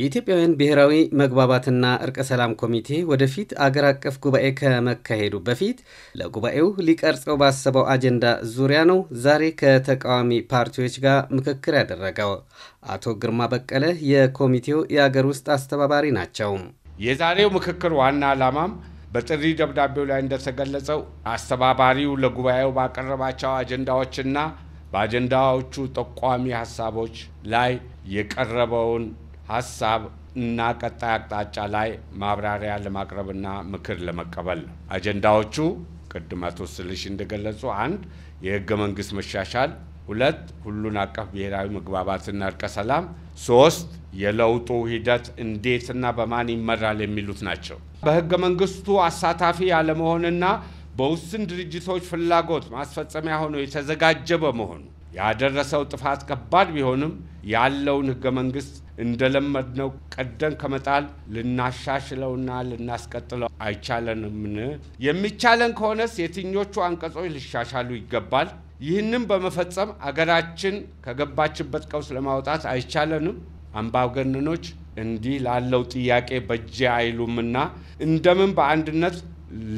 የኢትዮጵያውያን ብሔራዊ መግባባትና እርቀ ሰላም ኮሚቴ ወደፊት አገር አቀፍ ጉባኤ ከመካሄዱ በፊት ለጉባኤው ሊቀርጸው ባሰበው አጀንዳ ዙሪያ ነው ዛሬ ከተቃዋሚ ፓርቲዎች ጋር ምክክር ያደረገው። አቶ ግርማ በቀለ የኮሚቴው የአገር ውስጥ አስተባባሪ ናቸው። የዛሬው ምክክር ዋና ዓላማም በጥሪ ደብዳቤው ላይ እንደተገለጸው አስተባባሪው ለጉባኤው ባቀረባቸው አጀንዳዎችና በአጀንዳዎቹ ጠቋሚ ሀሳቦች ላይ የቀረበውን ሀሳብ እና ቀጣይ አቅጣጫ ላይ ማብራሪያ ለማቅረብና ምክር ለመቀበል ነው። አጀንዳዎቹ ቅድም አቶ ስልሽ እንደገለጹ አንድ የህገ መንግስት መሻሻል፣ ሁለት ሁሉን አቀፍ ብሔራዊ መግባባትና እርቀ ሰላም፣ ሶስት የለውጡ ሂደት እንዴትና በማን ይመራል የሚሉት ናቸው። በህገ መንግስቱ አሳታፊ ያለመሆንና በውስን ድርጅቶች ፍላጎት ማስፈጸሚያ ሆኖ የተዘጋጀ በመሆኑ ያደረሰው ጥፋት ከባድ ቢሆንም ያለውን ህገ መንግስት እንደለመድነው ቀደን ከመጣል ልናሻሽለውና ልናስቀጥለው አይቻለንምን? የሚቻለን ከሆነስ የትኞቹ አንቀጾች ሊሻሻሉ ይገባል? ይህንም በመፈጸም አገራችን ከገባችበት ቀውስ ለማውጣት አይቻለንም? አምባገነኖች እንዲህ ላለው ጥያቄ በጄ አይሉምና እንደምን በአንድነት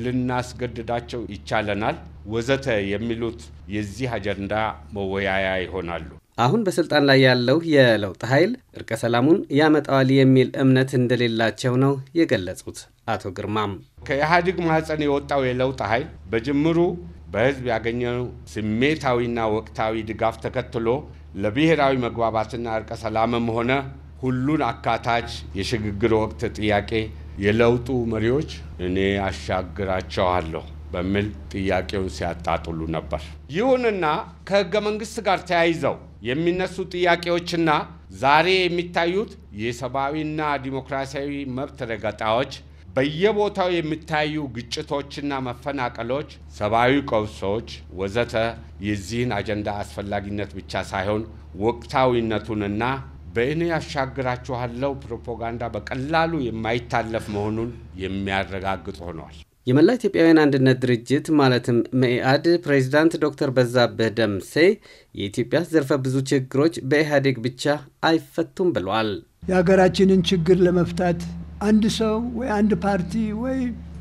ልናስገድዳቸው ይቻለናል ወዘተ የሚሉት የዚህ አጀንዳ መወያያ ይሆናሉ። አሁን በስልጣን ላይ ያለው የለውጥ ኃይል እርቀ ሰላሙን ያመጣዋል የሚል እምነት እንደሌላቸው ነው የገለጹት አቶ ግርማም። ከኢህአዴግ ማህፀን የወጣው የለውጥ ኃይል በጅምሩ በህዝብ ያገኘው ስሜታዊና ወቅታዊ ድጋፍ ተከትሎ ለብሔራዊ መግባባትና እርቀ ሰላምም ሆነ ሁሉን አካታች የሽግግር ወቅት ጥያቄ የለውጡ መሪዎች እኔ አሻግራቸዋለሁ በሚል ጥያቄውን ሲያጣጥሉ ነበር። ይሁንና ከህገ መንግስት ጋር ተያይዘው የሚነሱ ጥያቄዎችና ዛሬ የሚታዩት የሰብአዊና ዲሞክራሲያዊ መብት ረገጣዎች፣ በየቦታው የሚታዩ ግጭቶችና መፈናቀሎች፣ ሰብአዊ ቀውሶች ወዘተ የዚህን አጀንዳ አስፈላጊነት ብቻ ሳይሆን ወቅታዊነቱንና በእኔ ያሻግራችኋለው ፕሮፓጋንዳ በቀላሉ የማይታለፍ መሆኑን የሚያረጋግጥ ሆኗል። የመላ ኢትዮጵያውያን አንድነት ድርጅት ማለትም መኢአድ ፕሬዚዳንት ዶክተር በዛብህ ደምሴ የኢትዮጵያ ዘርፈ ብዙ ችግሮች በኢህአዴግ ብቻ አይፈቱም ብለዋል። የሀገራችንን ችግር ለመፍታት አንድ ሰው ወይ አንድ ፓርቲ ወይ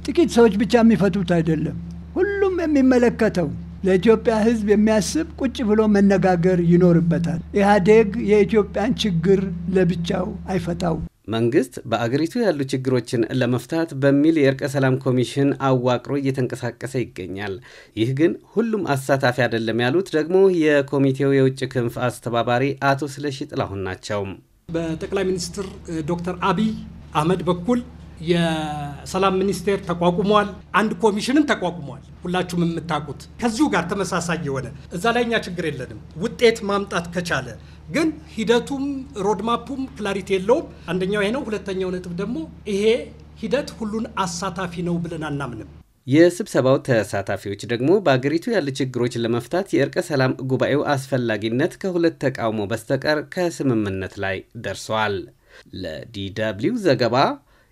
ጥቂት ሰዎች ብቻ የሚፈቱት አይደለም። ሁሉም የሚመለከተው ለኢትዮጵያ ሕዝብ የሚያስብ ቁጭ ብሎ መነጋገር ይኖርበታል። ኢህአዴግ የኢትዮጵያን ችግር ለብቻው አይፈታው። መንግስት በአገሪቱ ያሉ ችግሮችን ለመፍታት በሚል የእርቀ ሰላም ኮሚሽን አዋቅሮ እየተንቀሳቀሰ ይገኛል። ይህ ግን ሁሉም አሳታፊ አይደለም ያሉት ደግሞ የኮሚቴው የውጭ ክንፍ አስተባባሪ አቶ ስለሺ ጥላሁን ናቸው። በጠቅላይ ሚኒስትር ዶክተር አብይ አህመድ በኩል የሰላም ሚኒስቴር ተቋቁሟል። አንድ ኮሚሽንም ተቋቁሟል። ሁላችሁም የምታውቁት ከዚሁ ጋር ተመሳሳይ የሆነ እዛ ላይ እኛ ችግር የለንም። ውጤት ማምጣት ከቻለ ግን ሂደቱም ሮድማፑም ክላሪቲ የለውም። አንደኛው ይሄ ነው። ሁለተኛው ነጥብ ደግሞ ይሄ ሂደት ሁሉን አሳታፊ ነው ብለን አናምንም። የስብሰባው ተሳታፊዎች ደግሞ በአገሪቱ ያሉ ችግሮች ለመፍታት የእርቀ ሰላም ጉባኤው አስፈላጊነት ከሁለት ተቃውሞ በስተቀር ከስምምነት ላይ ደርሰዋል። ለዲ ደብልዩ ዘገባ